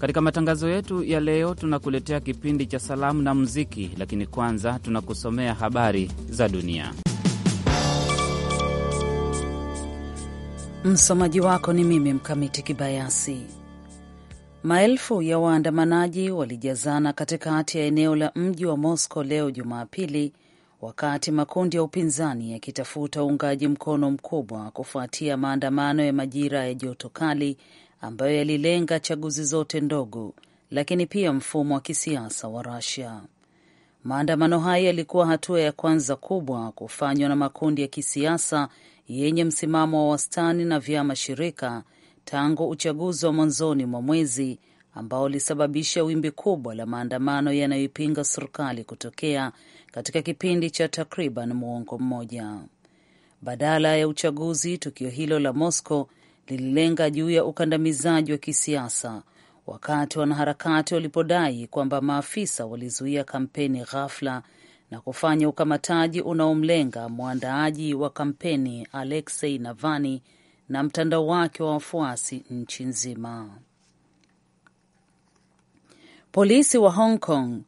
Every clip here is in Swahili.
Katika matangazo yetu ya leo tunakuletea kipindi cha salamu na muziki, lakini kwanza tunakusomea habari za dunia. Msomaji wako ni mimi Mkamiti Kibayasi. Maelfu ya waandamanaji walijazana katikati ya eneo la mji wa Moscow leo Jumapili, wakati makundi ya upinzani yakitafuta uungaji mkono mkubwa kufuatia maandamano ya majira ya joto kali ambayo yalilenga chaguzi zote ndogo, lakini pia mfumo wa kisiasa wa rasia Maandamano hayo yalikuwa hatua ya kwanza kubwa kufanywa na makundi ya kisiasa yenye msimamo wa wastani na vyama shirika tangu uchaguzi wa mwanzoni mwa mwezi ambao ulisababisha wimbi kubwa la maandamano yanayoipinga serikali kutokea katika kipindi cha takriban muongo mmoja. Badala ya uchaguzi, tukio hilo la Moscow lililenga juu ya ukandamizaji wa kisiasa wakati wanaharakati walipodai kwamba maafisa walizuia kampeni ghafla na kufanya ukamataji unaomlenga mwandaaji wa kampeni Alexei Navalny na mtandao wake wa wafuasi nchi nzima. Polisi wa Hong Kong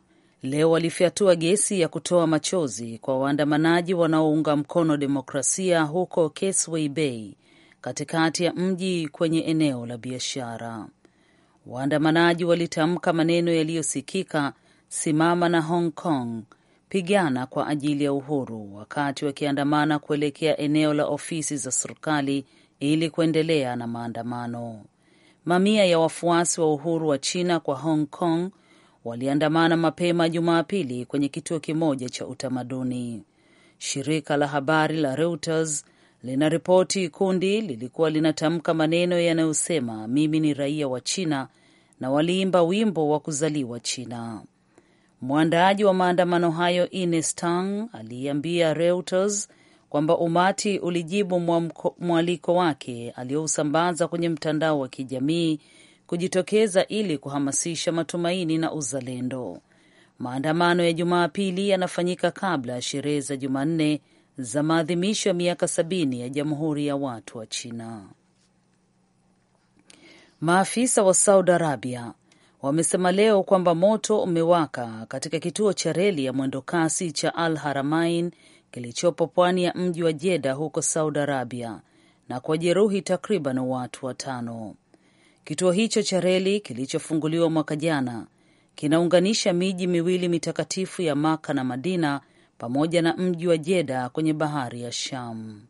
leo walifyatua gesi ya kutoa machozi kwa waandamanaji wanaounga mkono demokrasia huko Causeway Bay katikati ya mji kwenye eneo la biashara. Waandamanaji walitamka maneno yaliyosikika, simama na Hong Kong, pigana kwa ajili ya uhuru, wakati wakiandamana kuelekea eneo la ofisi za serikali ili kuendelea na maandamano. Mamia ya wafuasi wa uhuru wa China kwa Hong Kong waliandamana mapema Jumapili kwenye kituo kimoja cha utamaduni. Shirika la habari la Reuters linaripoti kundi lilikuwa linatamka maneno yanayosema mimi ni raia wa China na waliimba wimbo wa kuzaliwa China. Mwandaaji wa maandamano hayo Ines Tang aliiambia Reuters kwamba umati ulijibu mwaliko wake aliyousambaza kwenye mtandao wa kijamii kujitokeza ili kuhamasisha matumaini na uzalendo. Maandamano ya Jumapili yanafanyika kabla ya sherehe za Jumanne za maadhimisho ya miaka sabini ya Jamhuri ya Watu wa China. Maafisa wa Saudi Arabia wamesema leo kwamba moto umewaka katika kituo cha reli ya mwendokasi cha Al Haramain kilichopo pwani ya mji wa Jeda huko Saudi Arabia na kwa jeruhi takriban watu watano. Kituo hicho cha reli kilichofunguliwa mwaka jana kinaunganisha miji miwili mitakatifu ya Maka na Madina pamoja na mji wa Jeda kwenye bahari ya Sham.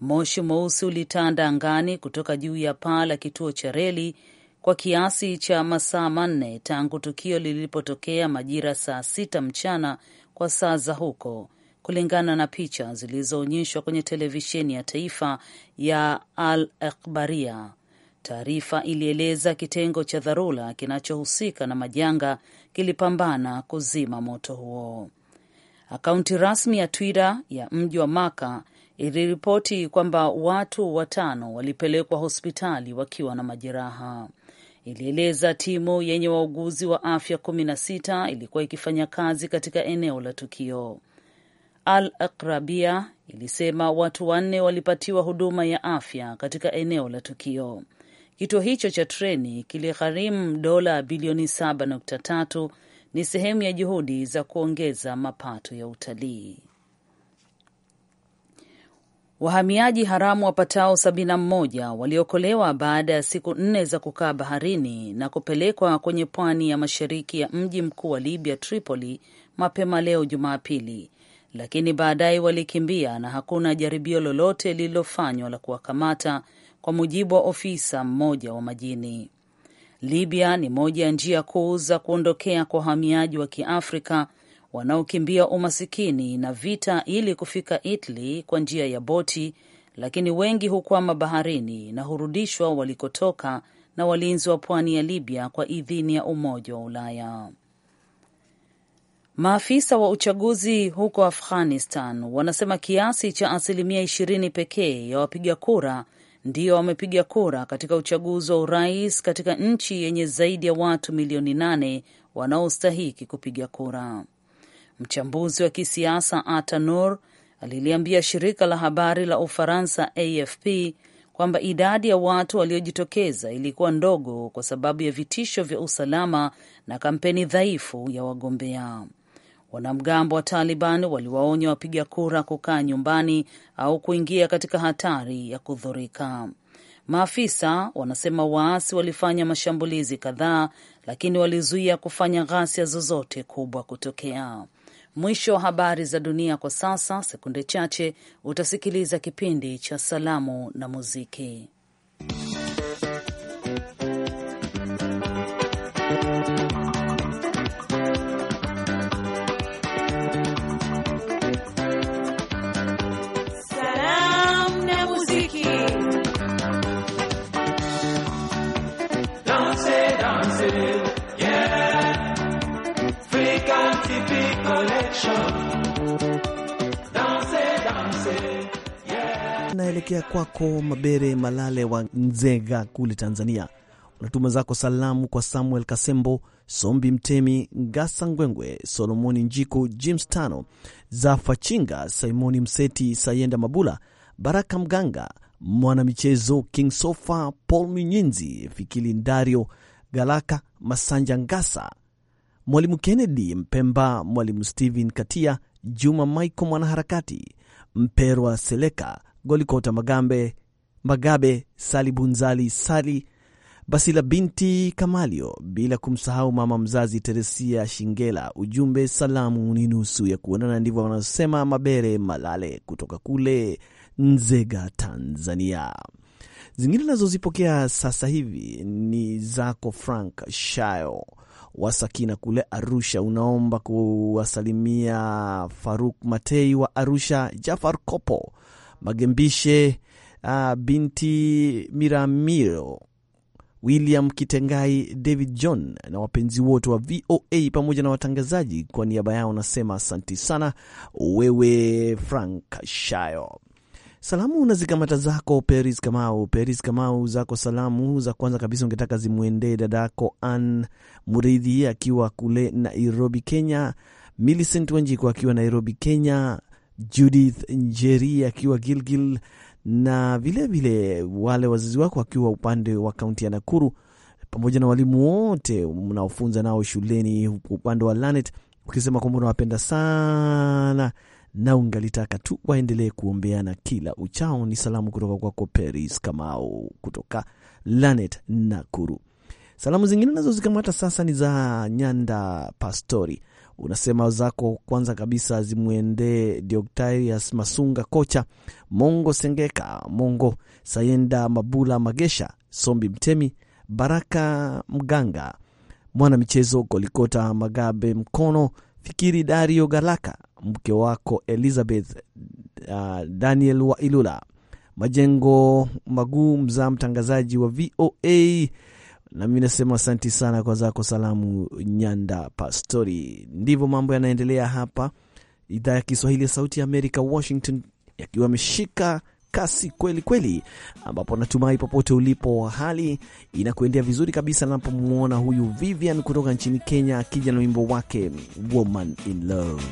Moshi mweusi ulitanda angani kutoka juu ya paa la kituo cha reli kwa kiasi cha masaa manne tangu tukio lilipotokea majira saa sita mchana kwa saa za huko, kulingana na picha zilizoonyeshwa kwenye televisheni ya taifa ya Al Akbaria. Taarifa ilieleza kitengo cha dharura kinachohusika na majanga kilipambana kuzima moto huo. Akaunti rasmi ya Twitter ya mji wa Maka iliripoti kwamba watu watano walipelekwa hospitali wakiwa na majeraha. Ilieleza timu yenye wauguzi wa afya kumi na sita ilikuwa ikifanya kazi katika eneo la tukio. Al Akrabia ilisema watu wanne walipatiwa huduma ya afya katika eneo la tukio. Kituo hicho cha treni kiligharimu dola bilioni 7.3 ni sehemu ya juhudi za kuongeza mapato ya utalii. Wahamiaji haramu wapatao 71 waliokolewa baada ya siku nne za kukaa baharini na kupelekwa kwenye pwani ya mashariki ya mji mkuu wa Libya, Tripoli, mapema leo Jumapili, lakini baadaye walikimbia na hakuna jaribio lolote lililofanywa la kuwakamata, kwa mujibu wa ofisa mmoja wa majini. Libya ni moja ya njia kuu za kuondokea kwa wahamiaji wa Kiafrika wanaokimbia umasikini na vita ili kufika Italy kwa njia ya boti, lakini wengi hukwama baharini na hurudishwa walikotoka na walinzi wa pwani ya Libya kwa idhini ya Umoja wa Ulaya. Maafisa wa uchaguzi huko Afghanistan wanasema kiasi cha asilimia ishirini pekee ya wapiga kura ndio wamepiga kura katika uchaguzi wa urais katika nchi yenye zaidi ya watu milioni nane wanaostahiki kupiga kura. Mchambuzi wa kisiasa Atanur aliliambia shirika la habari la Ufaransa AFP kwamba idadi ya watu waliojitokeza ilikuwa ndogo kwa sababu ya vitisho vya usalama na kampeni dhaifu ya wagombea. Wanamgambo wa Taliban waliwaonya wapiga kura kukaa nyumbani au kuingia katika hatari ya kudhurika. Maafisa wanasema waasi walifanya mashambulizi kadhaa, lakini walizuia kufanya ghasia zozote kubwa kutokea. Mwisho wa habari za dunia kwa sasa. Sekunde chache utasikiliza kipindi cha salamu na muziki. tunaelekea kwako Mabere Malale wa Nzega kule Tanzania. Unatuma zako salamu kwa Samuel Kasembo, Sombi Mtemi, Ngasa Ngwengwe, Solomoni Njiku, James Tano, Zafa Chinga, Simoni Mseti, Sayenda Mabula, Baraka Mganga, mwanamichezo King Sofa, Paul Minyinzi, Fikili Ndario, Galaka Masanja Ngasa, Mwalimu Kennedy Mpemba, Mwalimu Stephen Katia, Juma Maiko, mwanaharakati Mperwa Seleka, Golikota Magambe, Magabe Sali, Bunzali Sali, Basila binti Kamalio, bila kumsahau mama mzazi Teresia Shingela. Ujumbe, salamu ni nusu ya kuonana, ndivyo wanasema Mabere Malale kutoka kule Nzega, Tanzania. Zingine nazozipokea sasa hivi ni zako Frank Shayo Wasakina kule Arusha, unaomba kuwasalimia Faruk Matei wa Arusha, Jafar Kopo Magembishe uh, ah, binti Miramiro, William Kitengai, David John na wapenzi wote wa VOA pamoja na watangazaji, kwa niaba yao nasema asanti sana. Wewe Frank Shayo, salamu na zikamata zako Peris Kamau. Peris Kamau, zako salamu za kwanza kabisa ungetaka zimwendee dadako An Muridhi akiwa kule Nairobi, Kenya, Millicent Wanjiku akiwa Nairobi, Kenya, Judith Njeri akiwa Gilgil na vilevile wale wazazi wako akiwa upande wa kaunti ya Nakuru, pamoja na walimu wote mnaofunza nao shuleni upande wa Lanet, ukisema kwamba unawapenda sana na ungalitaka tu waendelee kuombeana kila uchao. Ni salamu kutoka kwako Peris Kamau kutoka Lanet, Nakuru. Salamu zingine nazo zikamata sasa ni za Nyanda Pastori unasema zako kwanza kabisa zimwendee Deoktarius Masunga, kocha Mongo Sengeka, Mongo Sayenda, Mabula Magesha, Sombi Mtemi, Baraka Mganga, michezo kolikota Magabe Mkono, Fikiri Dario Galaka, mke wako Elizabeth uh, Daniel wa Ilula Majengo Maguu Mzaa, mtangazaji wa VOA Nami nasema asanti sana kwa zako salamu, Nyanda Pastori. Ndivyo mambo yanaendelea hapa idhaa ya Kiswahili ya Sauti ya Amerika, Washington, yakiwa ameshika kasi kweli kweli, ambapo natumai popote ulipo hali inakuendea vizuri kabisa. Napomwona huyu Vivian kutoka nchini Kenya akija na wimbo wake Woman in Love.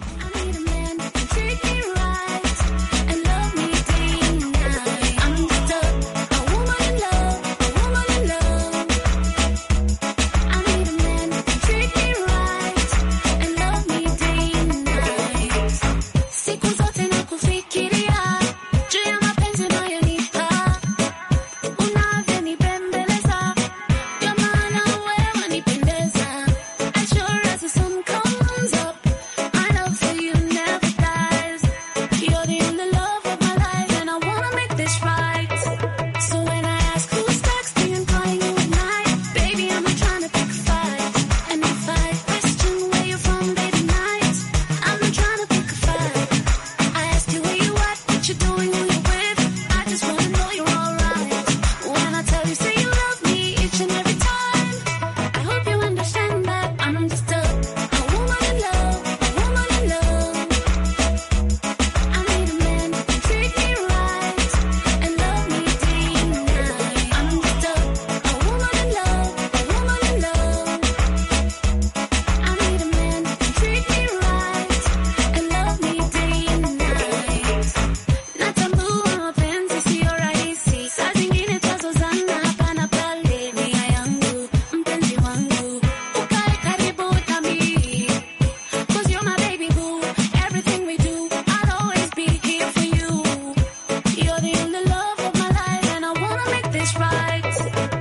right.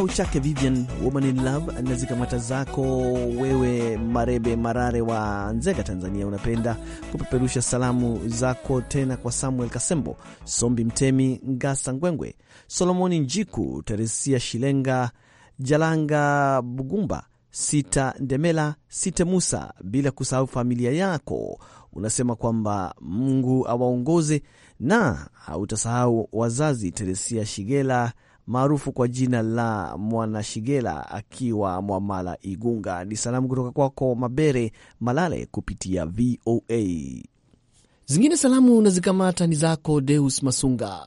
kibao chake Vivian Woman in Love na zikamata zako wewe, Marebe Marare wa Nzega, Tanzania. Unapenda kupeperusha salamu zako tena kwa Samuel Kasembo, Sombi Mtemi, Ngasa Ngwengwe, Solomoni Njiku, Teresia Shilenga, Jalanga Bugumba, Sita Ndemela, Site Musa, bila kusahau familia yako. Unasema kwamba Mungu awaongoze na hautasahau wazazi Teresia Shigela maarufu kwa jina la Mwanashigela akiwa Mwamala Igunga. Ni salamu kutoka kwako Mabere Malale kupitia VOA. Zingine salamu na zikamata ni zako Deus Masunga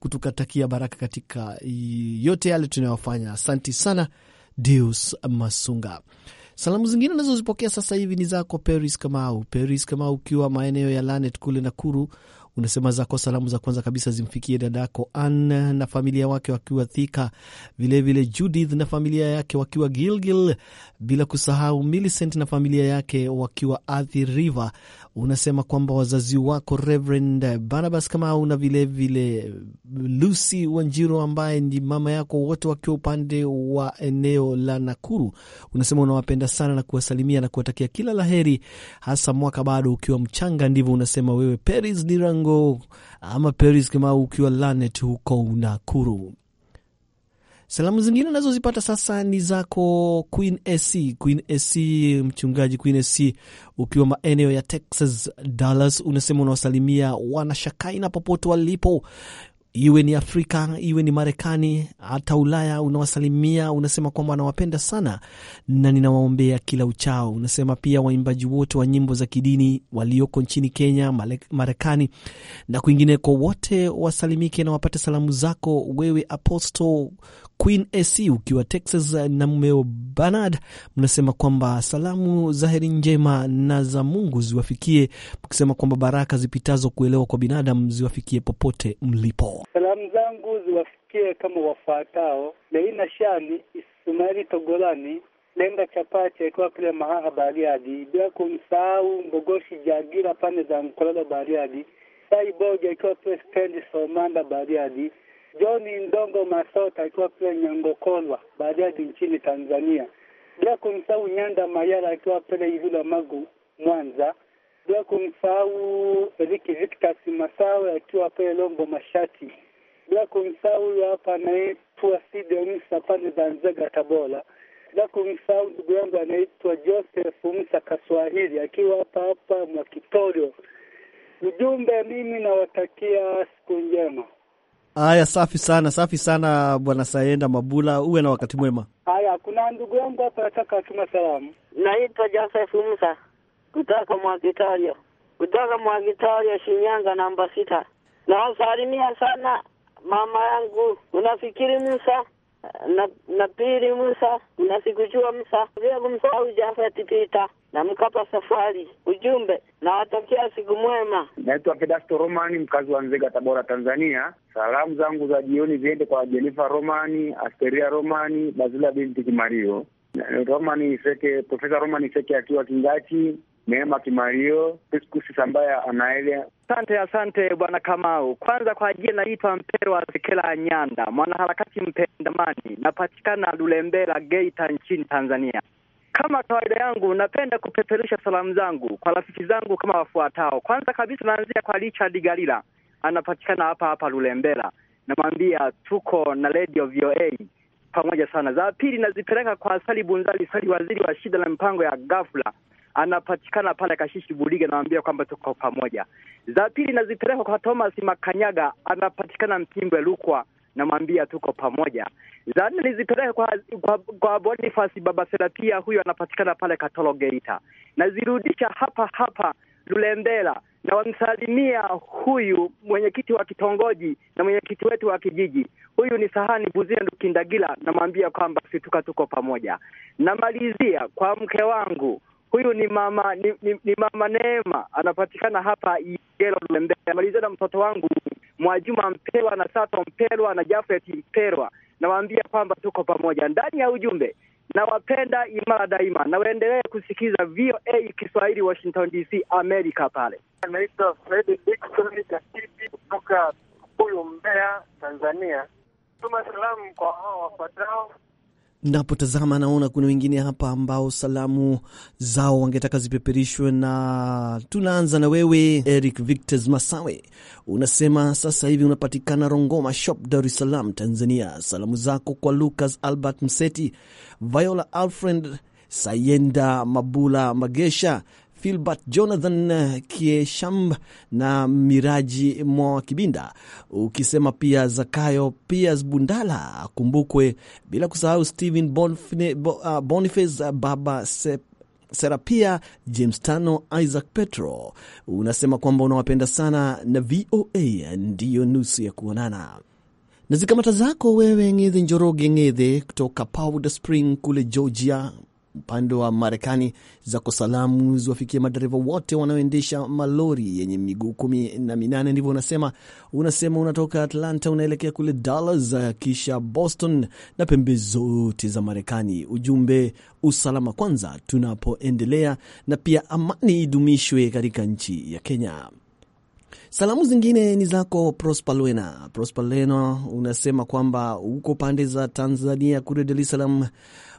kutukatakia baraka katika yote yale tunayofanya. Asanti sana Deus Masunga. Salamu zingine nazozipokea sasa hivi ni zako Peris Kamau. Peris Kamau ukiwa maeneo ya Lanet kule Nakuru, Unasema zako salamu za kwanza kabisa zimfikie dadako Ann na familia wake wakiwa Thika, vilevile Judith na familia yake wakiwa Gilgil, bila kusahau Millicent na familia yake wakiwa Athi River. Unasema kwamba wazazi wako Reverend Barnabas Kamau na vilevile Lucy Wanjiru ambaye ni mama yako, wote wakiwa upande wa eneo la Nakuru. Unasema unawapenda sana na kuwasalimia na kuwatakia kila laheri, hasa mwaka bado ukiwa mchanga. Ndivyo unasema wewe Peris Lirang Kongo ama Paris kama ukiwa Lanet huko Nakuru. Salamu zingine nazozipata sasa ni zako Queen AC, Queen AC, mchungaji Queen AC, ukiwa maeneo ya Texas, Dallas, unasema unawasalimia wanashakaina popote walipo, iwe ni Afrika, iwe ni Marekani, hata Ulaya, unawasalimia unasema kwamba anawapenda sana na ninawaombea kila uchao. Unasema pia waimbaji wote wa nyimbo za kidini walioko nchini Kenya, Marekani na kwingineko, wote wasalimike na wapate salamu zako wewe, Apostle Queen AC ukiwa Texas na mmeo Bernard, mnasema kwamba salamu za heri njema na za Mungu ziwafikie, mkisema kwamba baraka zipitazo kuelewa kwa binadamu ziwafikie popote mlipo. Salamu zangu ziwafikie kama wafuatao: Leina Shani Ismaili Togolani Lenga Chapati akiwa kule Mahaha Bariadi, bila kumsahau Mbogoshi Jagira pande za Mkololo Bariadi, Saibogi akiwa pale stendi Somanda Bariadi, Johni Ndongo Masota akiwa pale Nyangokolwa Bariadi nchini Tanzania, bila kumsahau Nyanda Mayara akiwa pale ivula Magu Mwanza bila kumsahau Riki Victor masawe akiwa pale Lombo Mashati, bila kumsahau huyo hapa anaitwa sidemsa pande za Zanzega Tabora, bila kumsahau ndugu yangu anaitwa Joseph Musa Kaswahili akiwa hapa hapa Mwakitorio. Ujumbe, mimi nawatakia siku njema. Haya, safi sana, safi sana Bwana Sayenda Mabula, uwe na wakati mwema. Haya, kuna ndugu yangu hapa nataka atuma salamu. Naitwa Joseph Musa kutoka Mwakitario, kutoka Mwakitario, Shinyanga, namba sita. Nawasalimia sana mama yangu, unafikiri Musa na, na pili Musa, unasikujua Musa vile kumsahau Jafet Pita na Mkapa Safari. Ujumbe nawatakia siku mwema. Naitwa Pedasto Romani, mkazi wa Nzega, Tabora, Tanzania. Salamu zangu za jioni ziende kwa Jenifa Romani, Asteria Romani, Bazila binti Kimario, Romani Seke, Profesa Romani seke akiwa Kingati Neema Kimario Priscus Sambaya anaelea. Asante, asante bwana Kamau. Kwanza kwa ajili, naitwa Mpero wa Sekela Nyanda, mwanaharakati mpendamani, napatikana Lulembela, Geita nchini Tanzania. Kama kawaida yangu, napenda kupeperusha salamu zangu kwa rafiki zangu kama wafuatao. Kwanza kabisa, naanzia kwa Richard Galila, anapatikana hapa hapa Lulembela, namwambia tuko na Radio VOA pamoja sana. Za pili nazipeleka kwa Sali Bunzali Sali, waziri wa shida na mipango ya ghafla anapatikana pale Kashishi Bulige, namwambia kwamba tuko pamoja. Za pili nazipeleka kwa Thomas Makanyaga, anapatikana Mtimbwe Lukwa, namwambia tuko pamoja. Za nne nizipeleke kwa, kwa, kwa Boniface Baba Serapia, huyu anapatikana pale Katoro Geita. Nazirudisha hapa hapa Lulembela na wamsalimia huyu mwenyekiti wa kitongoji na mwenyekiti wetu wa kijiji. Huyu ni Sahani Buzia Ndukindagila, namwambia kwamba situka, tuko pamoja. Namalizia kwa mke wangu Huyu ni mama ni, ni, ni mama Neema anapatikana hapa Igelo Lembea, Amalizana na mtoto wangu Mwajuma Mpelwa na Sato Mpelwa na Jafet Mpelwa, nawaambia kwamba tuko pamoja ndani ya ujumbe. Nawapenda imara daima, na waendelee kusikiza VOA Kiswahili, Washington DC, Amerika. Pale anaitwa Fredi Dickson Kasiti kutoka huyu Mbeya, Tanzania. Tuma salamu kwa hao wafuatao napotazama naona kuna wengine hapa ambao salamu zao wangetaka zipeperishwe, na tunaanza na wewe Eric Victes Masawe. Unasema sasa hivi unapatikana Rongoma Shop, Dar es Salaam, Tanzania. Salamu zako kwa Lucas Albert Mseti, Viola Alfred Sayenda Mabula Magesha Filbert Jonathan eh, Kieshamb na Miraji Mwa Kibinda, ukisema pia Zakayo Pias Bundala akumbukwe, bila kusahau Stephen ah, Boniface, ah, Baba Sep Serapia James Tano, Isaac Petro. Unasema kwamba unawapenda sana na VOA ndiyo nusu ya kuonana na zikamata zako. Wewe Ngedhe Njoroge Ngedhe kutoka Powder Spring kule Georgia, upande wa Marekani zako salamu ziwafikie madereva wote wanaoendesha malori yenye miguu kumi na minane, ndivyo unasema. Unasema unatoka Atlanta unaelekea kule Dallas, kisha Boston na pembe zote za Marekani. Ujumbe usalama kwanza tunapoendelea, na pia amani idumishwe katika nchi ya Kenya. Salamu zingine ni zako Prosper Lwena. unasema kwamba huko pande za Tanzania kule Dar es Salaam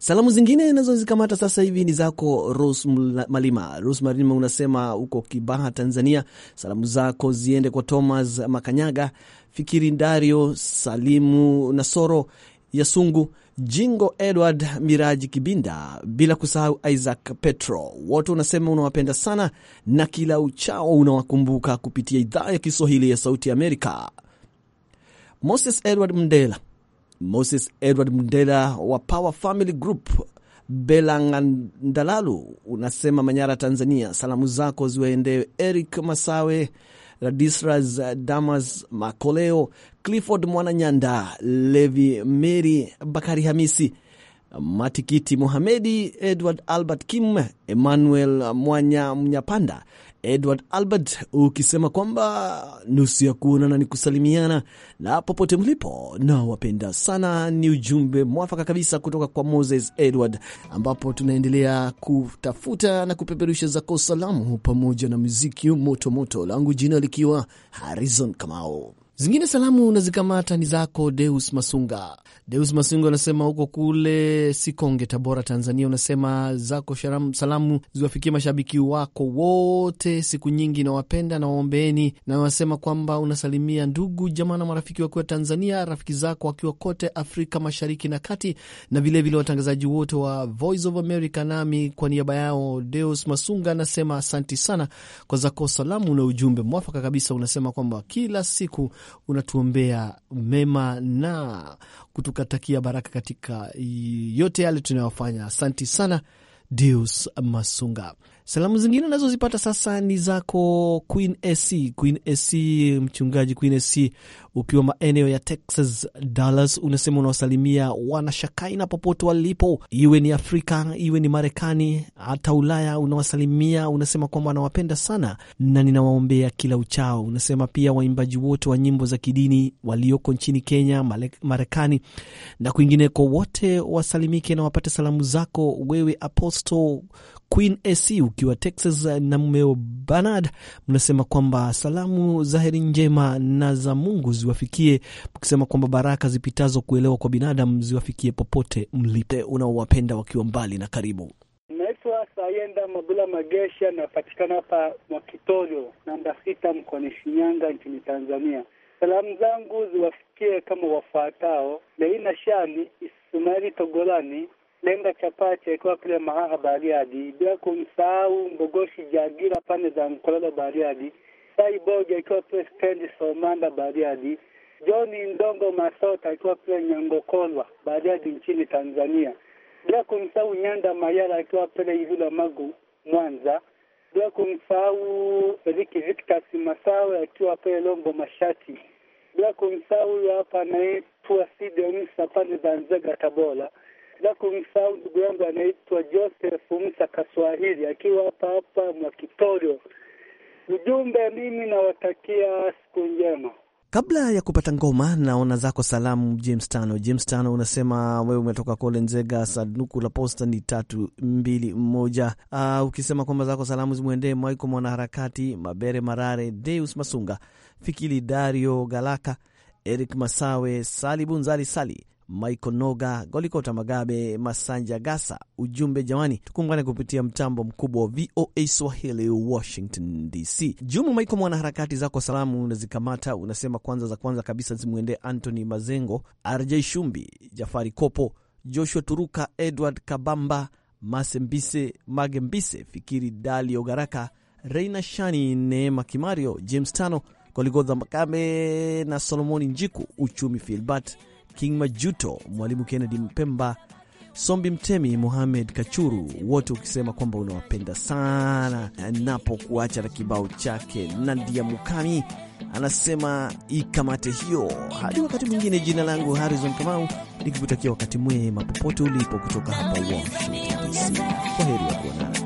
Salamu zingine nazozikamata sasa hivi ni zako Rose Malima. Rose Malima unasema uko Kibaha, Tanzania. Salamu zako ziende kwa Thomas Makanyaga, Fikiri Ndario, Salimu Nasoro, Yasungu Jingo, Edward Miraji Kibinda, bila kusahau Isaac Petro. Wote unasema unawapenda sana na kila uchao unawakumbuka kupitia idhaa ya Kiswahili ya Sauti ya Amerika. Moses Edward Mndela Moses Edward Mndela wa Power Family Group Belangandalalu unasema Manyara, Tanzania. Salamu zako ziwaendee Eric Masawe, Radisras Damas Makoleo, Clifford Mwananyanda, Levi Meri, Bakari Hamisi, Matikiti Mohamedi, Edward Albert Kim, Emmanuel Mwanya Mnyapanda, Edward Albert ukisema kwamba nusu ya kuonana ni kusalimiana na popote mlipo nawapenda sana. Ni ujumbe mwafaka kabisa kutoka kwa Moses Edward, ambapo tunaendelea kutafuta na kupeperusha zako salamu pamoja na muziki moto moto, langu jina likiwa Harrison Kamau. Zingine salamu nazikamata ni zako Deus Masunga. Deus Masunga unasema huko kule Sikonge, Tabora, Tanzania. Unasema zako sharam, salamu ziwafikie mashabiki wako wote, siku nyingi nawapenda na waombeeni, na unasema kwamba unasalimia ndugu jamaa na marafiki wakiwa Tanzania, rafiki zako wakiwa kote Afrika Mashariki na Kati, na vilevile watangazaji wote wa Voice of America. Nami kwa niaba yao Deus Masunga anasema asanti sana kwa zako salamu na ujumbe mwafaka kabisa. Unasema kwamba kila siku unatuombea mema na kutukatakia baraka katika yote yale tunayofanya. Asanti sana Deus Masunga. Salamu zingine nazozipata sasa ni zako Queen AC, Queen AC, mchungaji Queen AC, ukiwa maeneo ya Texas, Dallas, unasema unawasalimia wanashakaina popote walipo, iwe ni Afrika, iwe ni Marekani, hata Ulaya unawasalimia. Unasema kwamba anawapenda sana na ninawaombea kila uchao. Unasema pia waimbaji wote wa nyimbo za kidini walioko nchini Kenya, Marekani na kwingineko, wote wasalimike na wapate salamu zako wewe Apostle Queen AC ukiwa Texas na mmeo Bernard, mnasema kwamba salamu za heri njema na za Mungu ziwafikie, mkisema kwamba baraka zipitazo kuelewa kwa binadamu ziwafikie popote mlipe, unaowapenda wakiwa mbali na karibu. Naitwa Sayenda Mabula Magesha, napatikana hapa Mwakitorio namba sita, mkoani Shinyanga nchini Tanzania. Salamu zangu ziwafikie kama wafuatao: Leina Shani, Ismaili Togolani lenga Chapache akiwa pale mahaha Bariadi, bila kumsahau Mbogoshi Jagira pande za Mkololo Bariadi, Sai akiwa pale stendi Somanda Bariadi, Johni Ndongo Masota akiwa pale Nyangokolwa Bariadi nchini Tanzania, bila kumsahau Nyanda Mayara akiwa pele Ivula Magu Mwanza, bila kumsahau Eriki Victas Masawe akiwa pele Lombo Mashati, bila kumsahau huyo hapa anaitwa Sidi Musa pande za Nzega Tabora bila kumsahau ndugu yangu anaitwa Joseph Musa Kaswahili akiwa hapa hapa Mwakitorio. Ujumbe, mimi nawatakia siku njema. Kabla ya kupata ngoma, naona zako salamu James Tano. James Tano unasema wewe umetoka kule Nzega, sanduku la posta ni tatu mbili moja. Uh, ukisema kwamba zako salamu zimwendee Maiko mwanaharakati, Mabere Marare, Deus Masunga, Fikili Dario Galaka, Eric Masawe, Sali Bunzali Sali Michael Noga, Golikota Magabe, Masanja Gasa. Ujumbe jamani, tukungane kupitia mtambo mkubwa wa VOA Swahili, Washington DC. Jumu Maiko, mwanaharakati zako salamu unazikamata, unasema kwanza za kwanza kabisa zimwendee Anthony Mazengo, RJ Shumbi, Jafari Kopo, Joshua Turuka, Edward Kabamba, Masembise Magembise, Fikiri Dalio Garaka, Reina Shani, Neema Kimario, James Tano, Goligodha Makame na Solomoni Njiku, Uchumi Filbert King Majuto, Mwalimu Kennedy Mpemba, Sombi Mtemi, Mohamed Kachuru, wote ukisema kwamba unawapenda sana. Napokuacha na kibao chake Nadia Mukami anasema ikamate hiyo. Hadi wakati mwingine, jina langu Harrison Kamau, nikikutakia wakati mwema popote ulipo, kutoka hapa Washington DC. Kwa heri ya kuonana.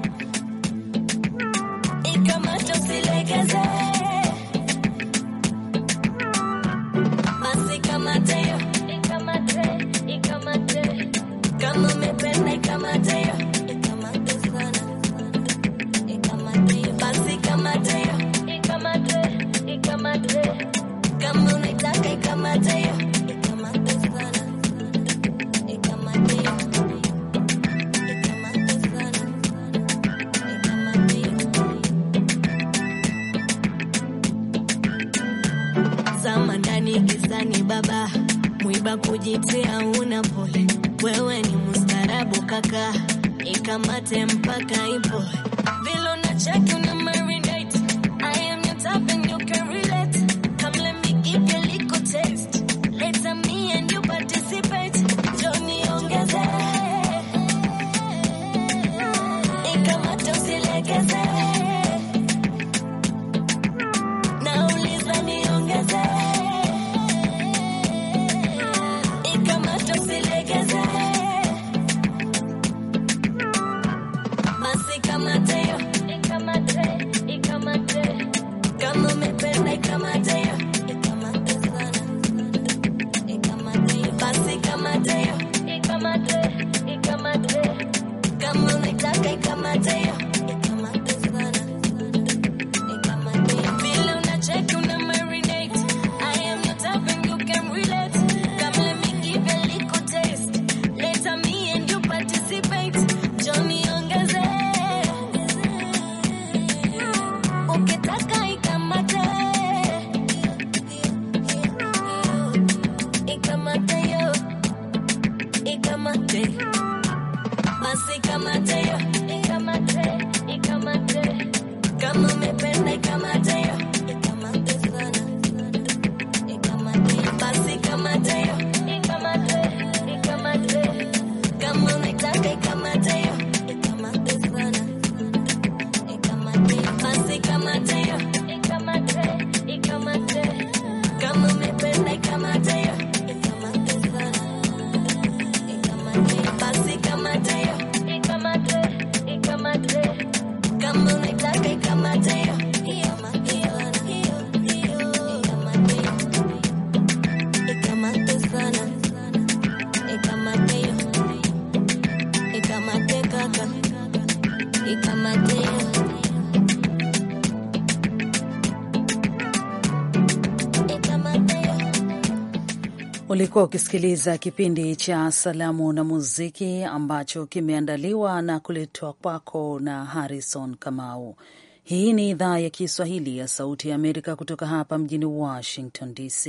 Ulikuwa ukisikiliza kipindi cha Salamu na Muziki ambacho kimeandaliwa na kuletwa kwako na Harrison Kamau. Hii ni idhaa ya Kiswahili ya Sauti ya Amerika kutoka hapa mjini Washington DC.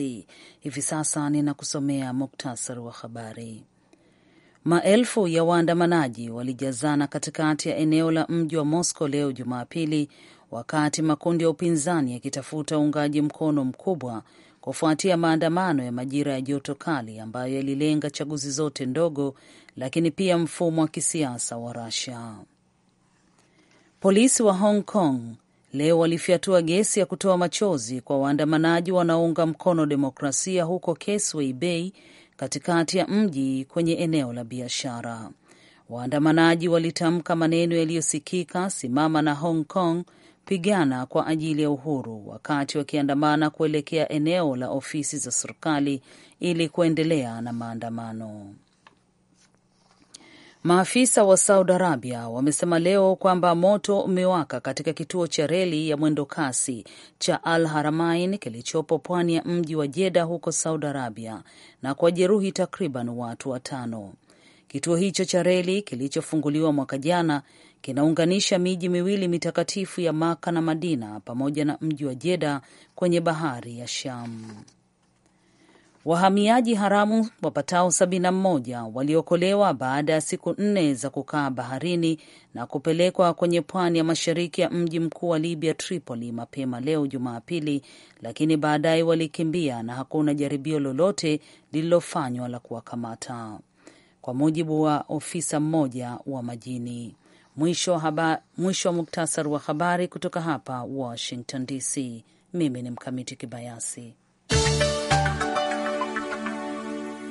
Hivi sasa ninakusomea muktasari wa habari. Maelfu ya waandamanaji walijazana katikati ya eneo la mji wa Moscow leo Jumapili, wakati makundi ya upinzani yakitafuta uungaji mkono mkubwa kufuatia maandamano ya majira ya joto kali ambayo yalilenga chaguzi zote ndogo, lakini pia mfumo wa kisiasa wa Russia. Polisi wa Hong Kong leo walifyatua gesi ya kutoa machozi kwa waandamanaji wanaounga mkono demokrasia huko Causeway Bay katikati ya mji kwenye eneo la biashara. Waandamanaji walitamka maneno yaliyosikika, simama na Hong Kong, pigana kwa ajili ya uhuru wakati wakiandamana kuelekea eneo la ofisi za serikali ili kuendelea na maandamano. Maafisa wa Saudi Arabia wamesema leo kwamba moto umewaka katika kituo cha reli ya mwendo kasi cha Al Haramain kilichopo pwani ya mji wa Jeda huko Saudi Arabia na kuwajeruhi takriban watu watano. Kituo hicho cha reli kilichofunguliwa mwaka jana kinaunganisha miji miwili mitakatifu ya Maka na Madina pamoja na mji wa Jeda kwenye bahari ya sham Wahamiaji haramu wapatao 71 waliokolewa baada ya siku nne za kukaa baharini na kupelekwa kwenye pwani ya mashariki ya mji mkuu wa Libya, Tripoli, mapema leo Jumapili, lakini baadaye walikimbia na hakuna jaribio lolote lililofanywa la kuwakamata, kwa mujibu wa ofisa mmoja wa majini. Mwisho wa muktasari wa habari kutoka hapa Washington DC. Mimi ni Mkamiti Kibayasi.